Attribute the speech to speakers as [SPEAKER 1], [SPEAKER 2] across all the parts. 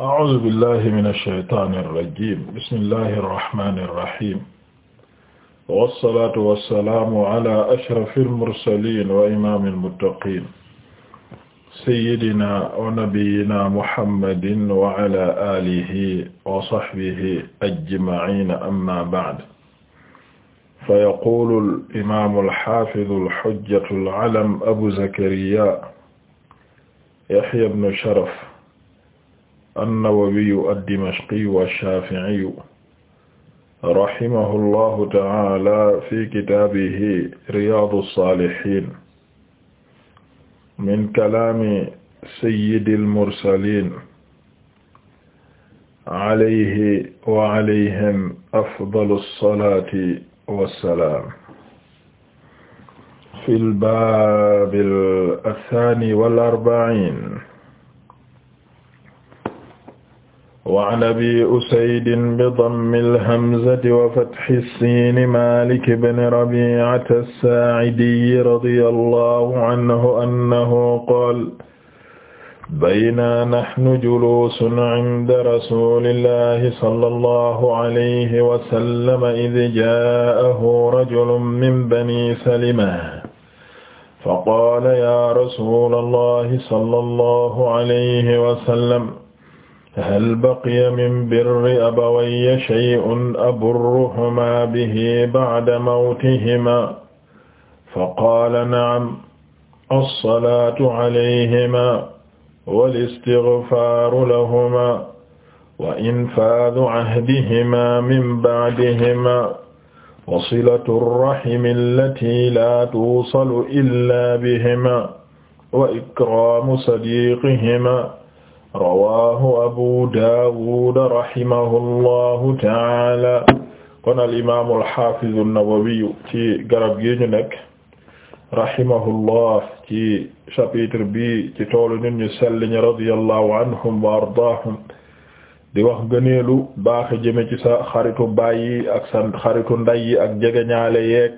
[SPEAKER 1] أعوذ بالله من الشيطان الرجيم بسم الله الرحمن الرحيم والصلاة والسلام على أشرف المرسلين وإمام المتقين سيدنا ونبينا محمد وعلى آله وصحبه أجمعين أما بعد فيقول الإمام الحافظ الحجة العلم أبو زكريا يحيى بن شرف an-Nawawiyu ad-Dimashqiyu ash-Shaafi'iyu rahimahu llahu ta'aala fi kitaabihi Riyaadu s-Saalihiin min kalaami sayyidil mursaliin alayhi wa alayhim afdalu s-salaati wa s-salaam fil baabil athaani wal arba'iin waan abi usaydin bidammi alhamzati wa fatxi siini malik bni rabiata alsaacidiyi radiya allahu anhu annahu qaal baynaa naxnu juluusun cinda rasuulillahi sallallahu alayhi wa sallam id jaa'ahu rajulun min bani salima faqaala yaa rasuula allahi sallallahu alayhi wa sallam hal baqiya min birri abawayya shay'un aburruhumaa bihi ba'da mawtihimaa faqaala na'am as-salaatu alayhimaa wal-istighfaaru lahumaa wa infaadhu cahdihimaa min ba'dihimaa wa silatu rrahimi allatii laa tuusalu illaa bihimaa wa ikraamu sadiiqihimaa rawaahu abu daawud rahimahullahu taala kon al imaamu al xaafizu nawawiyu ci garab gi ñu nekk rahimahullah ci chapitre bi ci toolu nit ñu sell ñi radiyallahu anhum wa ardaahum di wax gëneelu baax jëme ci sa xaritu bàyyi ak sa xaritu ndey ak jegeñaale yeeg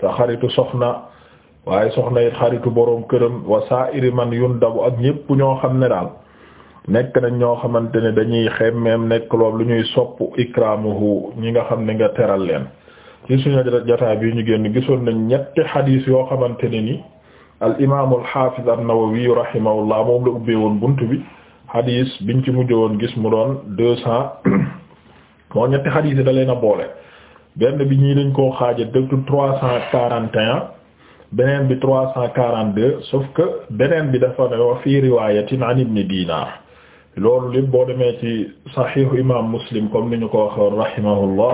[SPEAKER 1] sa xaritu soxna waaye soxna it xaritu boroom këram wa saa'iri man yundabu ak ñépp ñoo xam ne daal. nekk nañ ñoo xamante ne dañuy xemmeem nekk lool lu ñuy sopp ikramuhu ñi nga xam ne nga teral leen ci suñu jotaay bi ñu génn gisoon nañ ñetti xadiis yoo xamante ne ni al imaamul xaafiz an-Nawawi rahimahullah moom la ubbee woon bunt bi xadiis biñ ci mujj woon gis mu doon deux cent moo ñetti xadiis yi da leen a boole benn bi ñii dañ ko xaaja dëgtu trois cent quarante et beneen bi trois cent quarante deux sauf que beneen bi dafa ne wa fii riwaayatin an ibn Dinar loolu lim boo demee ci saxiixu imam muslim comme ni ñu ko waxoon rahimahullah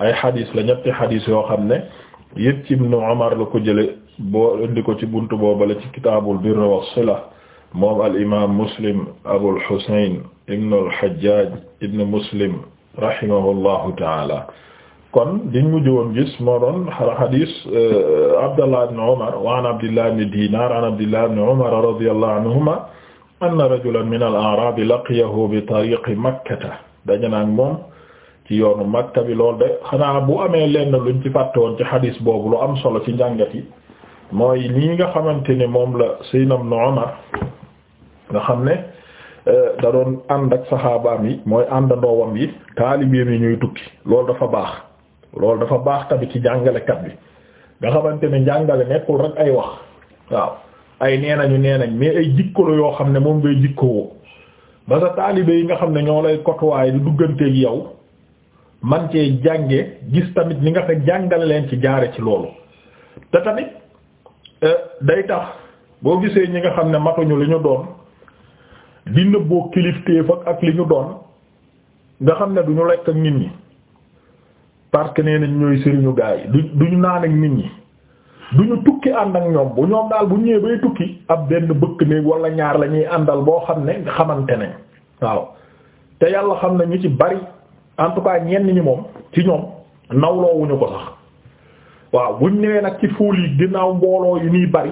[SPEAKER 1] ay xadis la ñetti xadis yoo xam ne yëpp ci ibnu Umar la ko jële boo indi ko ci buntu boobale ci kitaabul birr wa sila moom al imam muslim abul husayn ibnu al hajjaj ibnu muslim rahimahullahu taala kon diñ mujj woon gis moo doon xadis euh, abdallah ibn umar wa an abdillah dinar an abdillah ibn umar radiyallahu anhuma anna rajulan min al-a'rab laqiyahu bi tariqi makkata daje naag moom ci yoonu makka bi lool de xanaa bu amee lenn luñ ci fàtte woon ci xadiis boobu lu am solo ci njàngat yi mooy lii nga xamante ne moom la Seydina Ibn Umar nga xam ne euh, da ànd ak saxaabaam yi mooy àndandoowam yi taalibeem yi ñuy tukki loolu dafa baax loolu dafa baax tamit ci jàngalekat bi nga xamante ne njàngale nekkul rek ay wax waaw ay nee nañu nee nañ mais ay jikkolo yoo xam ne moom ngay jikkowoo ba sa taalibe yi nga xam ne ñoo lay kotuwaay du dugganteeg yow man cee jànge gis tamit li nga fa jàngal leen ci jaare ci loolu te tamit euh, day tax boo gisee ñi nga xam ne matuñu li ñu doon di nëbboo kilifteef ak li ñu doon nga xam ne du ñu lekk ak nit ñi parce que nee nañ ñooy sëriñu gaa yi du duñu naan ak nit ñi du ñu tukki ànd ak ñoom bu ñoom daal bu ñëwee bay tukki ab benn bëkk ne wala ñaar lañuy àndal boo xam ne xamante ne waaw te yàlla xam na ñu ci bari en tout cas moom ci ñoom nawloowuñu ko waaw buñ ñëwee nag ci fóol yi ginnaaw mbooloo yu ñuy bari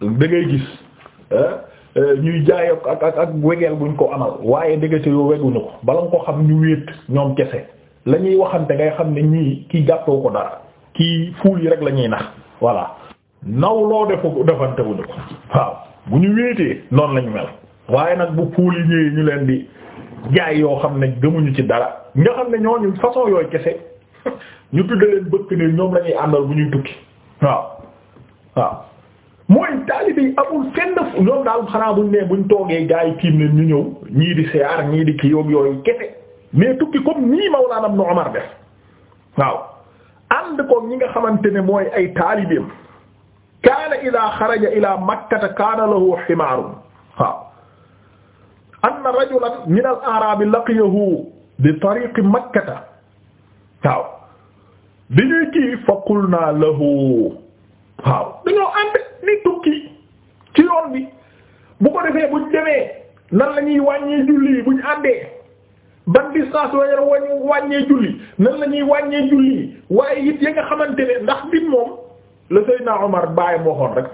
[SPEAKER 1] da ngay gis eh, eh, ñuy jaay ak ak wegeel buñ ko amal waaye ndegete yoo weguñu ko bala nga ko xam ñu wéet ñoom kese la ñuy waxante ngay xam ne ñii kii jàppoo ko dara kii fuul yi rek la ñuy nax voilà naw loo defa defantewuñu ko waaw bu ñu wéetee noonu lañu mel waaye nag bu fuul yi ñëwee ñu leen di jaay yoo xam ne gëmuñu ci dara nga xam ne ñooñu façon yooyu kese ñu tudda leen ñoom lañuy àndal bu ñuy tukki waaw waaw mooy taalibe daal xanaa buñ ne buñ toogee gaa yi tiim leen ñu ñëw ñii di seyaar ñii di ki yoog yooyu kese mais tukki comme nii Mawlana Ibn Umar def waaw ànd ko ñi nga xamante ne mooy ay taalibeem kaana ida xaraja ila makkata kaana lahu ximaarun waaw rajulan min al laqiyahu bi tariqi makkata bi ñuy kii fa qulna lahu waaw dañoo ànd ni tukki ci yoon bi bu ko defee buñ demee nan la ñuy wàññi julli buñ àndee ban distance la yor wàññi wàññee julli nan la ñuy wàññee julli waaye it ya nga xamante ne ndax din moom la Seydina Omar bàyyi moo xoon rek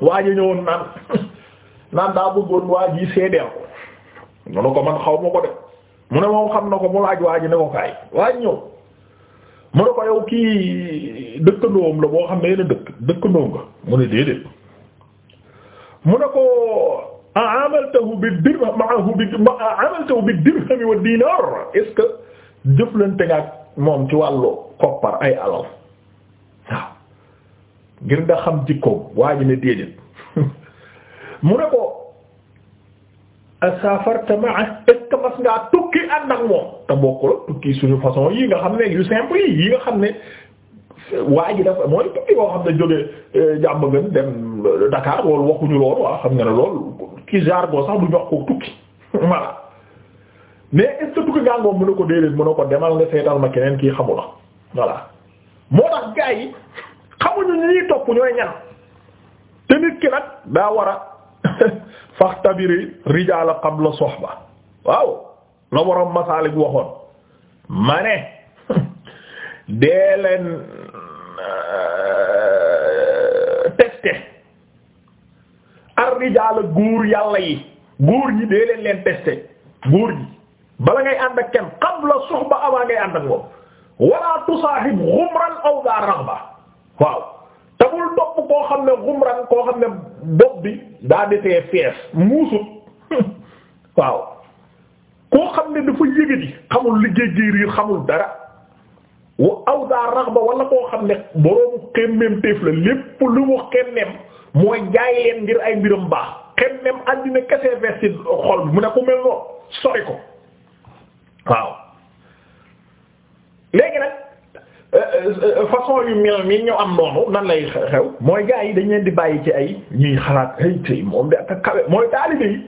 [SPEAKER 1] waa ji ñëwoon naan naan daa bëggoon waa ji seedeel ko mu ne ko man xaw ma ko def mu ne moom xam na ko mu laaj waa ji ne ko kaay waa ji ñëw mu ne ko yow kii dëkkandoom la boo xam ne yéen a dëkk dëkkandoo nga mu ne déedéet mu ne ko. a'amaltahu bi dirham ma'ahu bi a'amaltahu bi dirham wa dinar est-ce jëflante nga moom ci wàllu koppar ay alal waaw ngir nga xam jikkoom waa ji ne déedéet mu ne ko asafarta ma'a est-ce que ngaa tukki ànd ak moom te bokkul tukki suñu façon yi nga xam ne yu simple yi yi nga xam ne waa ji dafa mooy tukki boo xam eh, dem Dakar loolu waxuñu loolu waa xam nga ne loolu ci jargon sax du ñu wax tukki voilà mais est-ce tukki gàngoom mu ne ko déedéet mu ne ko demal nga seetal ma keneen kii xamu la voilà moo tax gaa yi xamuñu ñu ñuy topp ñooy ñan te nit ki nag daa war a faxtabiri rijaala qabla soxba waaw la waroon masaalik waxoon ma dee leen euh, rijaala góor yàlla yi góor ñi dee leen leen testé góor ñi bala ngay ànd ak kenn qabla suhba avant ngay ànd ak moom wala tusaahib xumran aw daa raghba waaw te bul topp koo xam ne xumran koo xam ne bopp bi daa defee fees muusut waaw koo xam ne dafa yëgadi xamul liggéey géer xamul dara wa aw daa raghba wala koo xam ne boroomu xemmeem téef la lépp lu mu xemmeem mooy jaay leen ngir ay mbiram baax xem même àddina kese bi mu ne ku mel noonu sori ko waaw léegi nag euh, façon yu mel ni ñu am noonu nan lay xew mooy gaa yi dañ leen di bàyyi ci ay ñuy xalaat ay tey moom de ak kawe mooy taalibe yi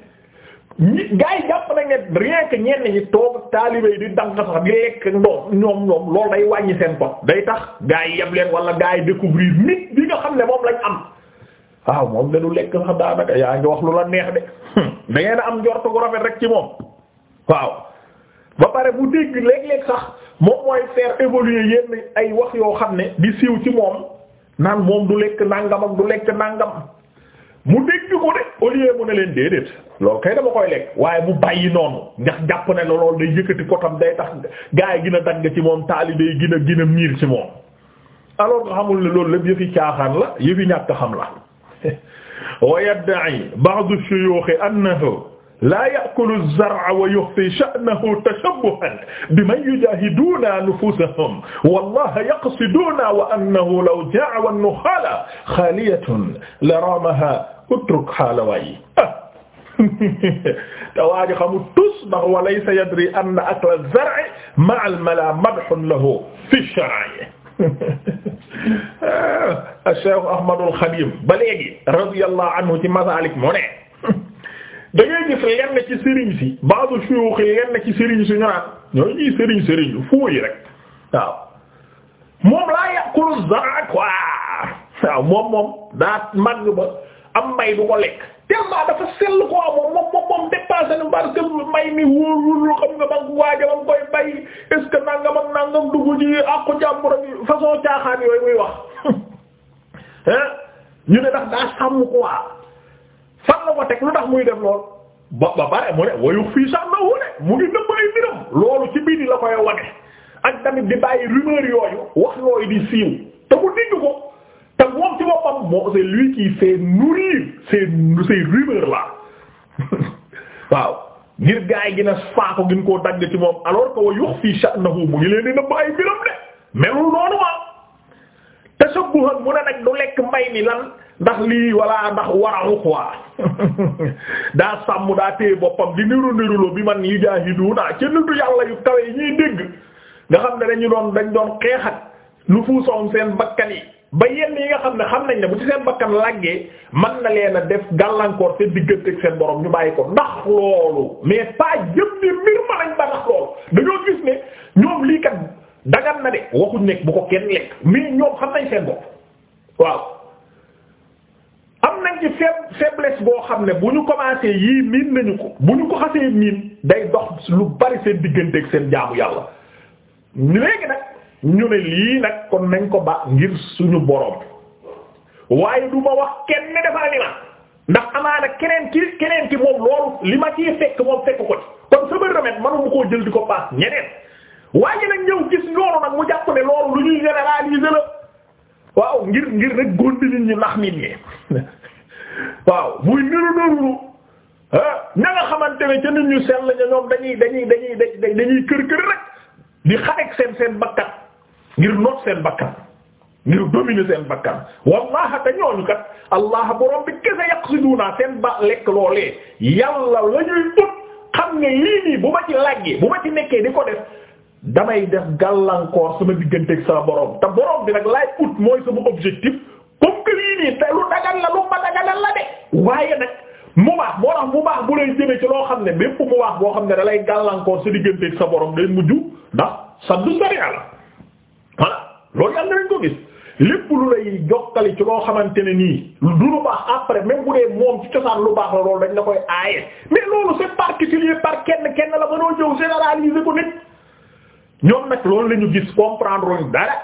[SPEAKER 1] ñi gaa jàpp nañ ne rien que ñenn ñi toog taalibe yi di dang sax di lekk ndoom ñoom ñoom loolu day wàññi seen ko day tax gaa yi yeb leen wala gaa yi découvrir nit bi nga xam ne moom lañ am waaw moom de du lekk sax daanaka yaa ngi wax lu la neex de hmm. da ngeen am njort gu rafet rek ci moom waaw ba pare bu dégg léeg-léeg sax moom mooy faire évoluer yenn ay wax yoo xam ne di siiw ci moom naan moom du lekk nangam ak du lekk nangam mu dégg ko de au mu ne leen déedéet loolu kay dama koy lekk waaye mu bàyyi noonu ndax jàpp ne loolu day yëkkati kotam day tax gaa yi gën a dagg ci moom taalibe yi gina a gën miir ci moom alors nga xamul ne loolu lépp yëfi caaxaan la yëfi ñàkk la. wa yadda'i ba'du shuyukh annahu laa ya'kulu az-zar'a wa yukhfi sha'nahu tashabbuhan biman yujahiduna nufusahum wallaha yaqsiduna wa annahu law jaa'a wan-nukhala khaliyatun laramaha utruk haala waay te waa ji xamul tus ndax wa laysa yadri anna akla az-zar'i ma'a al-mala madhun lahu fi ash-shar'i ah. Cheikh Ahmadul Xadim ba léegi radiyallahu anhu ci Masalik mu ne da ngay ci sëriñ si ba'du shuyukh lenn ci sëriñ ñu naan ñooy ñuy sëriñ sëriñ rek moom laa yàqulu zara quoi waaw moom moom daa màgg ba am may du ko lekk tellement dafa sell ko moom moom moom dépassé na parce que may mi wóorul loo xam nga mag waajamam koy bay est ce que nangam ak nangam dugg ci àqu jàmbur façon caaxaan yooyu muy wax ñu ne ndax daa sàmm ko waa fan la teg lu tax muy def lool ba ba bare mu ne wayu fii sàmmawu ne mu ngi nëbb ay mbiram loolu ci biir la koy wane ak tamit di bàyyi rumeur yooyu wax yooyu di siiw te mu digg ko te moom ci boppam moom c'est lui qui fait nourrir ces ces rumeurs là waaw ngir gaa yi gina faako gin koo dagg ci moom alors que wa yux fii sha'nahu mu ngi leen di nëbb ay mbiram de melul noonu waa tashabbuhan mu ne nag lu lekk mbay mi lan ndax lii walla ndax waraxu quoi daa sàmm daa téye boppam di niru niruloo bi man yu jaahiduuna ci nitu yàlla yu kawe yi ñuy dégg nga xam ne dañu doon dañ doon xeexat lu fuusoon seen bakkan yi ba yenn yi nga xam ne xam nañ ne bu ci seen bakkan làggee man na leen a def gàllankoor seen digganteeg seen boroom ñu bàyyi ko ndax loolu mais pas jëm ne mbir ma lañ ba loolu dañoo gis ne ñoom lii kat dagan na de waxuñ nekk bu ko kenn lekk mais ñoom xam nañ seen bopp waaw am nañ ci faible faiblesse boo xam ne bu ñu commencé yii miin nañu ko bu ñu ko xasee miin day dox lu bari seen diggante ak seen jaamu yàlla léegi nag ñu ne lii nag kon nañ ko ba ngir suñu boroom waaye du ma wax kenn defal li ma ndax amaana keneen ki keneen ki moom loolu li ma ciy fekk moom fekk ko ci kon sama remède mënu mu koo jël di ko paas ñeneen. waaye nag ñëw gis loolu nag mu jàpp ne loolu lu ñuy généraliser la waaw ngir ngir rek góondi nit ñi nax nit ñi waaw muy niru niru ña nga xamante ne ca nit ñu sell ña ñoom dañuy dañuy dañuy dañuy kër kër rek di xareek seen seen bakkan ngir noot seen bakkan ngir dominer seen bakkan wallaha a ñooñu kat allah borom bi kese yaqsiduna seen ba lekk loolee yàlla la ñuy tut xam ne lii nii bu ma ci làggee bu ma ci nekkee di ko def damay def gàllankoor sama digganteeg sa borom te borom bi nag laay ut mooy sama objectif comme que lii nii te lu dagal la lu ma dagalal la de waaye nag mu baax moo tax mu baax bu lay jëmee ci loo xam ne bépp mu baax boo xam ne da lay gàllankoor sa digganteeg sa borom day mujj ndax saddu sariya la voilà loolu yàlla nañ ci loo xamante ne nii du lu baax après même bu lu baax la loolu dañ la koy aaye mais loolu c'est particulier par kenn kenn la mënoo ñëw généraliser ko nit. ñoo nag loolu la ñu gis comprendre ñu dara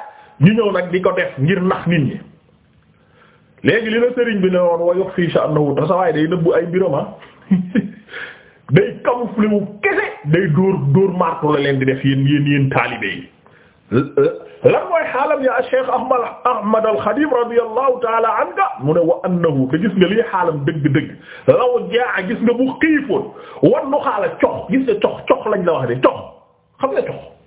[SPEAKER 1] ñu ñëw nag di ko def ngir nax nit léegi li la sëriñ bi ne woon wa fii sha'nahu ta sawaay day nëbbu ay mbirama ah. day camoufler wu kese day la leen di def yéen yéen yéen taalibe yi lan mooy xaalam ya Cheikh Ahmad Ahmad al-Khadim ta'ala anka mu ne wa annahu te gis nga lii xaalam dëgg-dëgg law jaa gis nga bu xiifoon wan nu cox gis nga cox cox lañ la wax de cox xam nga cox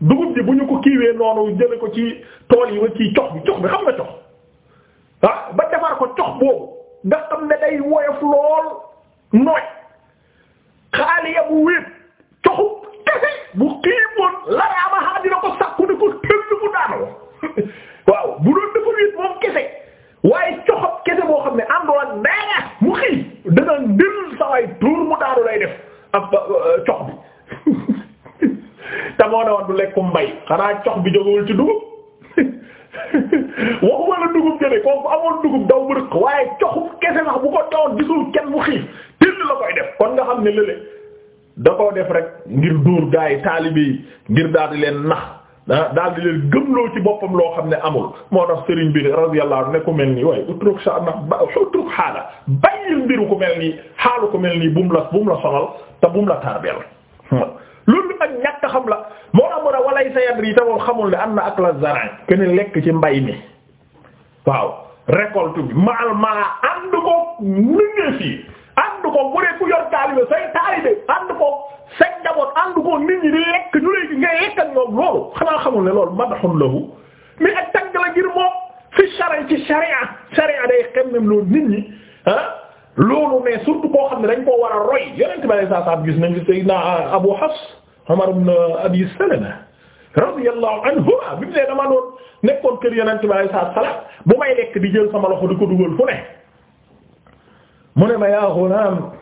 [SPEAKER 1] dugub ji bu ñu ko kiiwee noonu jële ko ci tool yi wa ci cox bi cox bi xam nga cox ah ba defar ko cox boobu nga xam ne day woyof lool nooy xaaliya bu wéet coxu kese bu xiimoon laraama xaa dina ko sàkku ne ko tëll mu daanoo waaw bu doon dafa wéet moom kese waaye coxab kese boo xam ne am doon mu xii dana ndël sa waay tuur mu daanu lay def ak bi te moo ne woon du lekkum mbay xanaa cox bi jógewul ci dugub waxuma la dugub jëlee kooku amoon dugub daw ko def kon nga xam ne lële da koo def rek ngir duur gaa yi taalibe yi ngir daal di leen nax ah, daal di leen loo ci boppam loo xam ne amul moo tax sëriñ bi radiyallahu anhu ne ku mel nii waaye utruk sa na ba utruk xaala bàyyil mbiru ku mel nii xaalu ko mel nii bu la bu la sonal te bu mu la tarbeel hmm. xam la moo tax mu ne walay sa yadri yi tamoom xamul ne am na akla zarin kene lekk ci mbay mi waaw récolte bi maal mala ànd ko fii ànd ko dee ku yor taalibe say taalibe ànd ko say njaboot ànd ko nit ñi di lekk ñu lay ngay lekk ak ñoom loolu xanaa xamul le loolu madhun lahu mais ak tagg la ngir fi sharia ci sharia sharia day xem nem loolu nit ñi ah loolu mais surtout koo xam ne dañ koo war a roy yonent bi sallallahu alayhi wasallam gis Abu Hafs Umar ibn Abi Salama radiyallahu anhuma bi mu ne dama doon nekkoon kër Yonent bi sallallahu alayhi wasallam bu may lekk di jël sama loxo di ko dugal fu ne mu ne ma yaa ghulaam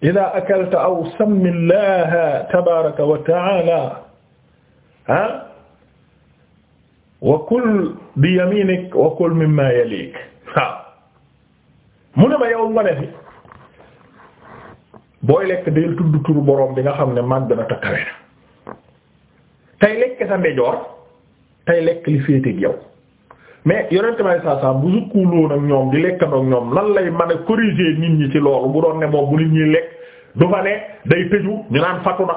[SPEAKER 1] idaa akalta aw sammi Allaha tabaaraka wa ta'aala ah wa kul bi yamiinik wa kul mimmaa yaliik waaw mu ne ma yow nga ne fi booy lekk deel tudd turu boroom bi nga xam ne màgg na takkawe na tey lekk sa ndejoor tey lekk li féeteeg yow mais yonent may saa saa bu sukkuloon ak ñoom di lekkandoo ak ñoom lan lay man a corriger nit ñi ci loolu bu doon ne moom bu nit ñi lekk du fa ne day tëju ñu naan fatu na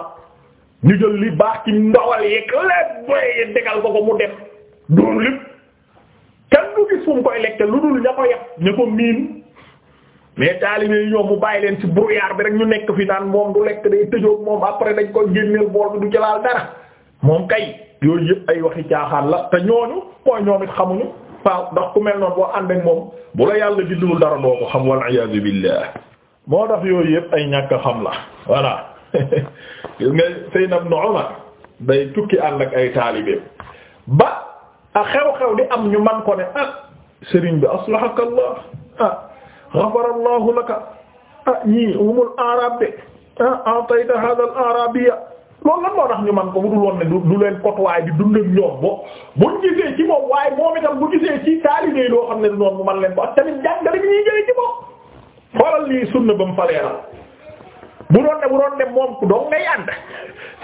[SPEAKER 1] ñu jël li baax ci ndawal yeeg lépp booy degal ko ko mu dem doon lépp kenn du gis fu koy lekk lu dul ña ko yàq ña ko miin. mais taalibe yi ñoom mu bàyyi leen ci brouillard bi rek ñu nekk fi naan moom du lekk day tëjoog moom après dañ koy génneel bool bi du jëlaal dara moom kay yooyu yëpp ay waxi caaxaan la te ñooñu koy ñoom it xamuñu waaw ndax ku mel noonu boo ànd ak moom bu la yàlla bindul dara doo ko xam wal iyaazu billah moo tax yooyu yëpp ay ñàkk xam la voilà gis nga Seydina Ibn Umar day tukki ànd ak ay taalibeem ba a xew-xew di am ñu man ko ne ah sëriñ bi aslahakallah ah, ghafarallahu laka ah ñii umul arab de ah atayta hadha al arabiyya loolu lan moo tax ñu man ko bu dul woon ne du leen kotuwaay di dundal ñoom bo buñ gisee ci moom waaye moom itam bu gisee ci taalibe loo xam ne du noonu jàngale lii bu doon ne moom ku doon ngay ànd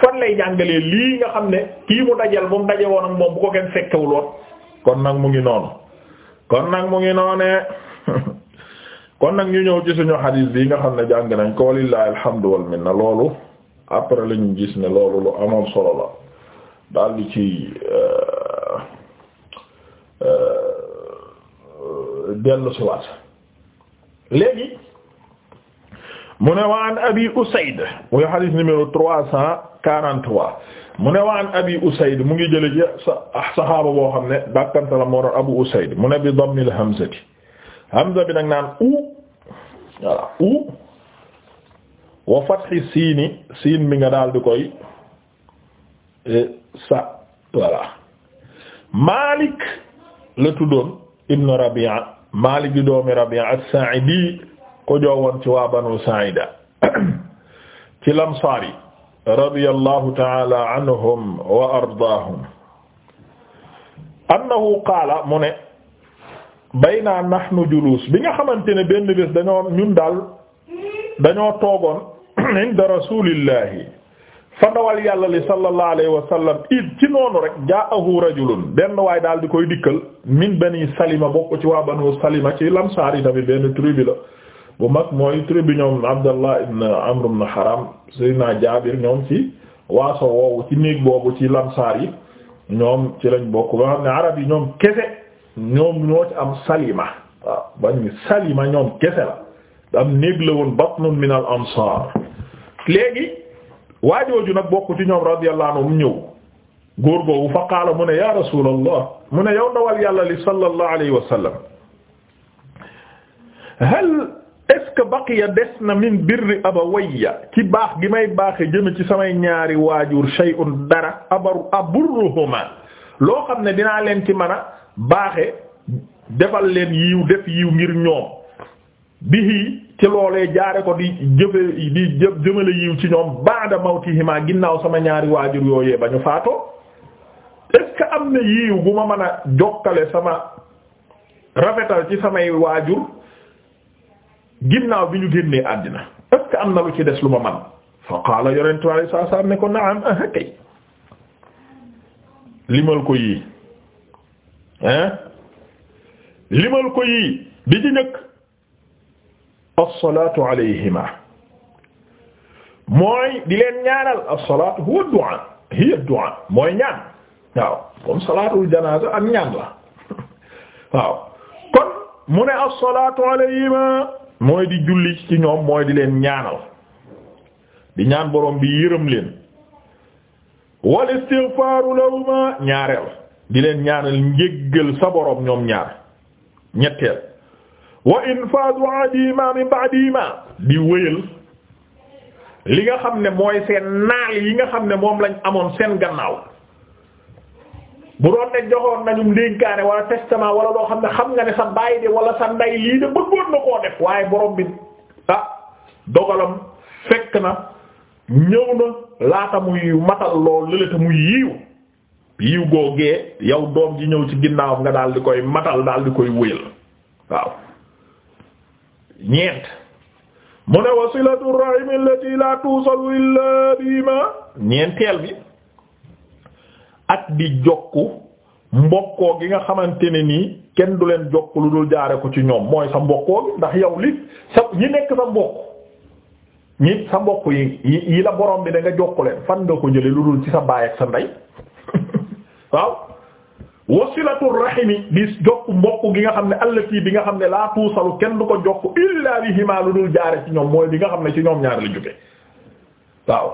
[SPEAKER 1] fan lay jàngalee lii nga xam ne kii mu dajal bu mu daje woon ak moom bu ko kenn fekkewuloon kon nag mu ngi noonu kon nag mu ngi noonee kon nag ñu ñëw ci suñu xadiis bi nga xam ne jàng nañ ko walillahi alhamdu wal minna loolu après la ñu gis ne loolu lu amoon solo ci euh, euh, dellu si waat léegi mu ne wa an abi usayd muy numéro trois cent quarante mu ne wa an abi usayd mu ngi jële ci saxaaba boo xam ne dàkkante la moo doon abu usayd mu ne bi dammil hamzati hamza bi nag naan u voilà u wa fathi siin bi nga daal di koy eh, sa voilà Malik la tuddoon ibn Rabi'a Malik di doomi Rabi'a as ko joowoon ci waa Banu Sa'ida ci Lamsaari radiyallahu ta'ala anhum qaala mu ne bayna nahnu julus bi nga xamante ne benn bés dañoo ñun daal dañoo toogoon inda rasulillahi fa ndawal yàlla li sallallahu alayhi wa sallam ci noonu rek jaahu rajulun benn waay daal di koy dikkal min bani salima bokk ci waa banu salima ci lansaari yi tamit benn tribu la bu mag mooy tribu ñoom abdallah ibn amr ibn haram sayyidina jaabir ñoom ci waaso woowu ci néeg boobu ci lamsaar yi ñoom ci lañ bokk ba xam ne arab ñoom kese ñoom ñoo ci am salima waaw ñoom kese am néeg la woon batnun min al ansar waajooju nag bokk ci ñoom radiyallahu mu ñëw góor googu fa qaala mu ne ya rasulallah mu ne yow ndawal yàlla li sallallahu alayhi wa sallam hal est-ce que baqiya des na min birri abawayya ci baax gi may baaxe jëme ci samay ñaari waajur shay'un dara abaru aburruhuma loo xam ne dinaa leen ci mën a baaxe defal leen yiw def yiw ngir ñoom bihi ci loolee jaare ko di jëfe di jë jëmale yiw ci ñoom baada mawtihima ginnaaw sama ñaari waajur yooyee ba ñu faatoo est-ce am na yiw bu ma mën a jokkale sama rafetal ci samay waajur ginnaaw bi ñu génnee àddina est-ce am na lu ci des lu ma man fa qaala yonentu Yàlla saa saa ne ko naam ah kay limal ko yii limal ko yii bi ci njëkk as-salaatu alayhima mooy di leen ñaanal as-salaatu huwa du'a hiya du'a mooy ñaan waaw kon salaatul janaaza ak ñaan la waaw kon mu ne as-salaatu alayhima mooy di julli ci ñoom mooy di leen ñaanal di ñaan borom bi yërëm leen wal istighfaaru lahuma ñaareel di leen ñaanal njéggal sa boroom ñoom ñaar ñetteel wa infadu adima min badima di wëyal li nga xam ne mooy seen naal yi nga xam ne moom lañ amoon seen gannaaw bu doon te joxoon nañu ndénkaane wala testament wala loo xam ne xam nga ne sa baay de wala sa ndey lii de bëggoon na koo def waaye borom bi ah dogalam fekk na ñëw na laata muy matal lool lële te muy yiiw yiw googee yow doom ji ñëw ci ginnaawam nga daal di koy matal daal di koy wéyal waaw ñeent mu ne wasilatu rahim allati la tuusalu illa ñeenteel bi ak di jokku mbokkoo gi nga xamante ne nii kenn du leen jokk lu dul jaare ko ci ñoom mooy sa mbokkoo gi ndax yow li sa ñi nekk sa mbokk ñi sa mbokk yi yi la borom bi da nga jokku leen fan nga ko jële lu dul ci sa baay ak sa ndey waaw wasilatu rahimi di jokk mbokk gi nga xam ne allati bi nga xam ne laa tuusalu kenn du ko jokk illaa bihimaa lu dul jaare ci ñoom mooy bi nga xam ne ci ñoom ñaar la jóge waaw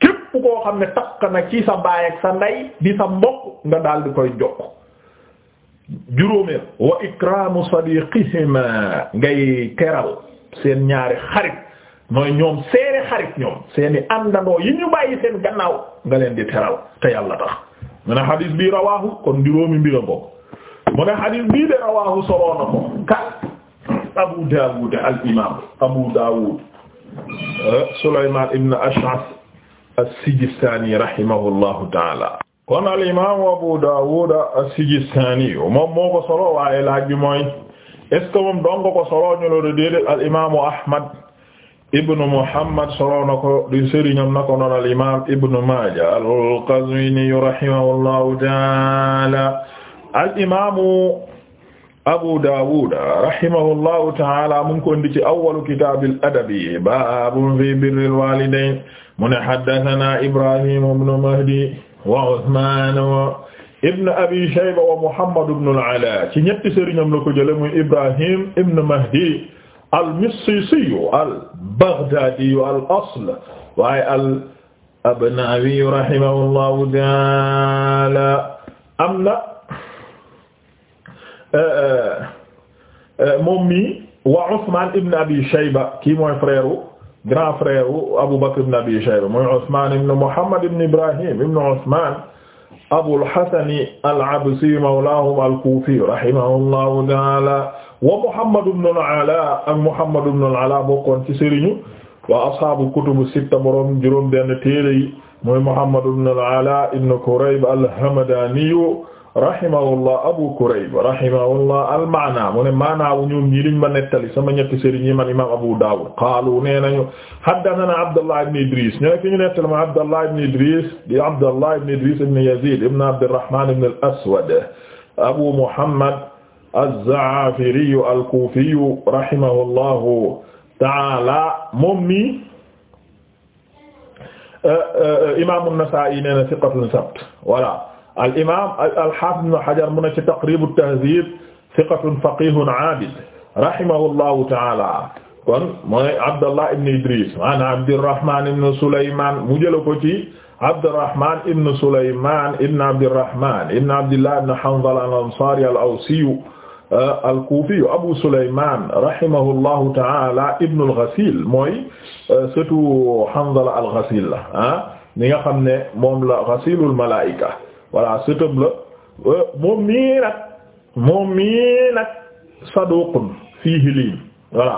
[SPEAKER 1] képp koo xam ne takk na ci sa baay ak sa ndey di sa mbokk nga daal di koy jox juróomeel wa ikramu sadiqihima ngay teral seen ñaari xarit mooy ñoom seeni xarit ñoom seeni àndandoo yi ñu bàyyi seen gannaaw nga leen di teral te yàlla tax mu ne xadis bii rawaahu kon juróomi mbira ko mu ne xadis bii de rawaahu soroon na ko kat Abu Dawud al imam Abu Dawud Sulayman ibn Ash'ath as-Sijistani rahimahullahu taala kon al imam Abu Dawud as-Sijistani moom moo ko solo waaye laaj bi mooy est ce que moom dong ko solo ñu la déedéet al imam Ahmad ibnu Muhammad solo na ko di sëriñam na ko noon al imaam ibnu Maaja al-Qazwiini rahimahullahu taala al imaamu Abu Daawuud rahimahullahu taala mu ngi ko indi ci awwalu kitaabil adabi baabun fii birril waalidayn mu ne haddasanaa Ibraahiim ibnu Mahdi wa Usmaan ibn Abi Shayba wa Muhammad ibnul Alaa ci ñetti sëriñam la ko jëlee muy Ibraahiim ibnu Mahdi al-Missiisiyu al-Baghdaadiyu al-asl waaye al-Abnaawiyu rahimahullahu ta'aala am na euh, euh, euh, moom mi wa Usmaan ibn Abi Shayba kii mooy frère grand frère Abu Bakr ibn Abi Shayba mooy Usmaan ibn Muhammad ibn Ibraahiim ibn Usmaan Abul Hasani al-Absi mawlaahum al-Kuufi rahimahullahu ta'aala wa Muhammad ibn al-Alaa ak Muhammad ibn al-Alaa bokkoon ci sëriñu waa ashaabu kutubu sitta boroom juróom benn téere yi mooy Muhammad ibn al-Alaa ibn Kurayb al-Hamdaaniyu rahimahullah Abu Kurayb rahimahullah al-maana mu ne maanaa wu ñoom ñii liñ ma nettali sama ñetti sëriñ yi man imaam Abu Daawud qaalu nee nañu haddathana Abdullah ibn Idris ñoo ki ñu nettali ma Abdullah ibn Idris di Abdullah ibn Idris ibn Yazid ibn Abdurrahman ibn al-Aswad Abu Muhammad az-Zaafiri al-Kufi rahimahullahu ta'ala moom mi eh, eh, imaam an-Nasaa'i nee na thiqatun sabt voilà al imaam al haafiz ibn Hajar mu ne ci Taqrib at-Tahdhib thiqatun faqihun aabid rahimahullahu ta'ala kon mooy Abdallah ibn Idris an Abdirrahman ibn Sulayman mu jël ko ci Abdirrahman ibn Sulayman ibn Abdirrahman ibn Abdillah ibn Hanzala al-Ansari al-Awsi uh, al-Kufi Abu Sulayman rahimahullahu ta'ala ibn al-Ghasil mooy uh, surtout Hanzala al-Ghasil la ah ñi nga xam ne moom la Ghasilul Malaa'ika voilà sëtëm la euh, moom mii nag moom mii nag saduqun fiihi liin voilà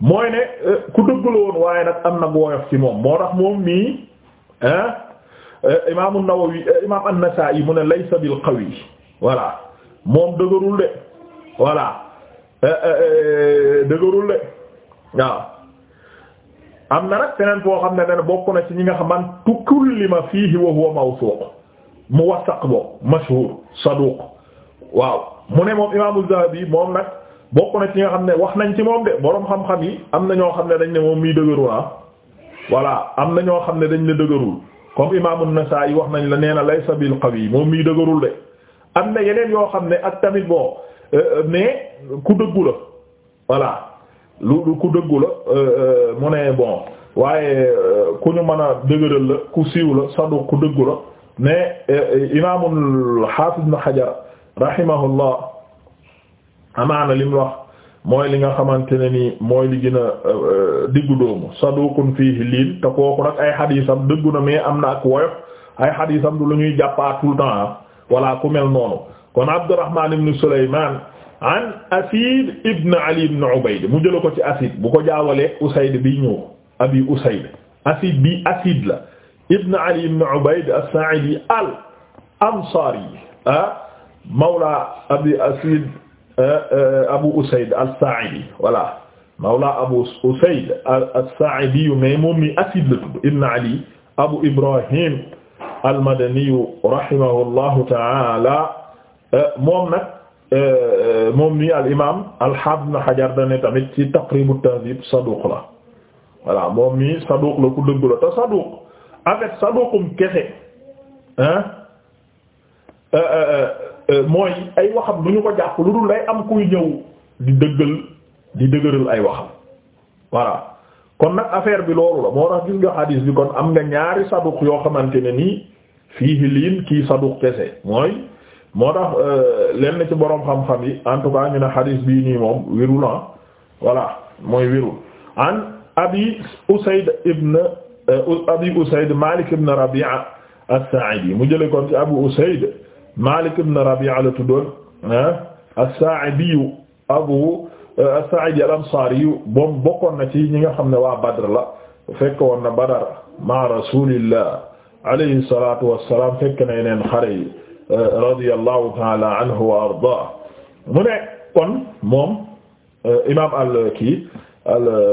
[SPEAKER 1] mooy ne euh, ku dëgg la woon waaye nag am nag woyof ci moom moo tax moom mii ah euh, imaam an-Nawawi imaam an-Nasaa'i mu ne laysa bil qawi voilà moom dëgërul de voilà dëgërul de waaw am na nag feneen foo xam ne ne bokk na ci ñi nga xam man tukullima fiihi wa huwa mawsuuq mu muwaththaq boobu mashhur saduq waaw mu ne moom imaamu Zahabi moom nag bokk na ci nga xam ne wax nañ ci moom de boroom xam-xam yi am na ñoo xam ne dañ ne moom mii dëgërul voilà am na ñoo xam ne dañ ne dëgërul comme imaamu yi wax nañ la nee na laysa bil yi moom mii dëgërul de am na yeneen yoo xam ne ak tamit boo euh, euh, mais ku dëggu la voilà lu ku dëggu la euh, mu ne bon waaye ku ñu mën a dëgëral la ku siiw la saduq ku dëggu la mais e, e, imaamul Haafiz Ibn Hajar rahimahullah amaana li mooy li nga xamante ne ni mooy li gën a e, diggu doomu saduqun fiihi liin te kooku nag ay xadiisam dëggu na mais am na ak woyof ay xadiisam du lu ñuy jàppaa tout le temps walla ah. ku mel noonu kon Abdurrahmaan ibn Sulaymaan an Asiid ibn Ali ibn Ubayd mu jëla ko ci Asiid bu ko jaawalee Usayd bi ñëw abi bi Asiid la ibn Ali ibn Ubayd as-Sa'idi al-Ansari ah mawla Abi Asid ah, ah, ah, Abu Usayd as-Sa'idi voilà mawla Abu Usayd as-Sa'idi mais moom mi Asid la tudd ibn Ali Abu Ibrahim al-Madani rahimahullahu ta'ala moom nag moom mi al-imam al-Hafiz Ibn Hajar dane tamit ci Taqrib at-Tahdhib saduq la voilà moom mi saduq la ku dëgg la te saduq avec saduqum kese euh, euh, euh, mooy ay waxam lu ñu ko jàpp lu dul day am kuy ñëw di dëggal di dëgëral ay waxam voilà kon nag affaire bi loolu la moo tax gis nga hadis bi kon am nga ñaari saduq yoo xamante ne nii fiihi liin kii saduq kese mooy moo tax lenn ci boroom xam-xam yi en tout cas ñu ne hadis bii nii moom wérul ah mooy wérul an abi usayd ibn Euh, abi Usayd Malik ibn Rabi'a as-Sa'idi mu jëlee kon ci Abu Usayd Malik ibn Rabi'a la tuddoon as-Sa'idi Abu euh, as-Sa'idi al-Ansari moom bokkoon na ci ñi nga xam ne waa Badr la fekk woon na Badr ma Rasulillah alayhi salatu wassalam fekk na yeneen xare yi euh, radiyallahu ta'ala anhu wa ardaah mu ne kon moom imam al-Kii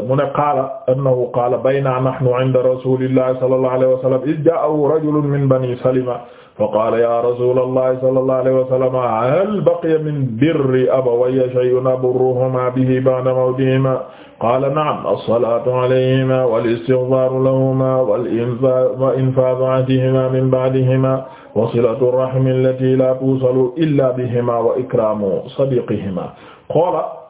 [SPEAKER 1] mu ne qaala annahu qaala baynaa nahnu inda rasuulillahi sallallahu alayhi wa sallam iz jaa'ahu rajulun min banii salima fa qaala yaa rasuulallahi sallallahu alayhi wa sallam hal baqiya min birri abawayya shay'un aburruhumaa bihi ba'da mawtihimaa qaala na'am as-salaatu alayhimaa wal-istighfaaru lahumaa wa-infaadhu anhumaa min ba'dihimaa wa silatu rahmi allatii laa tuusalu illaa bihimaa wa ikraamu sadiiqihimaa qaala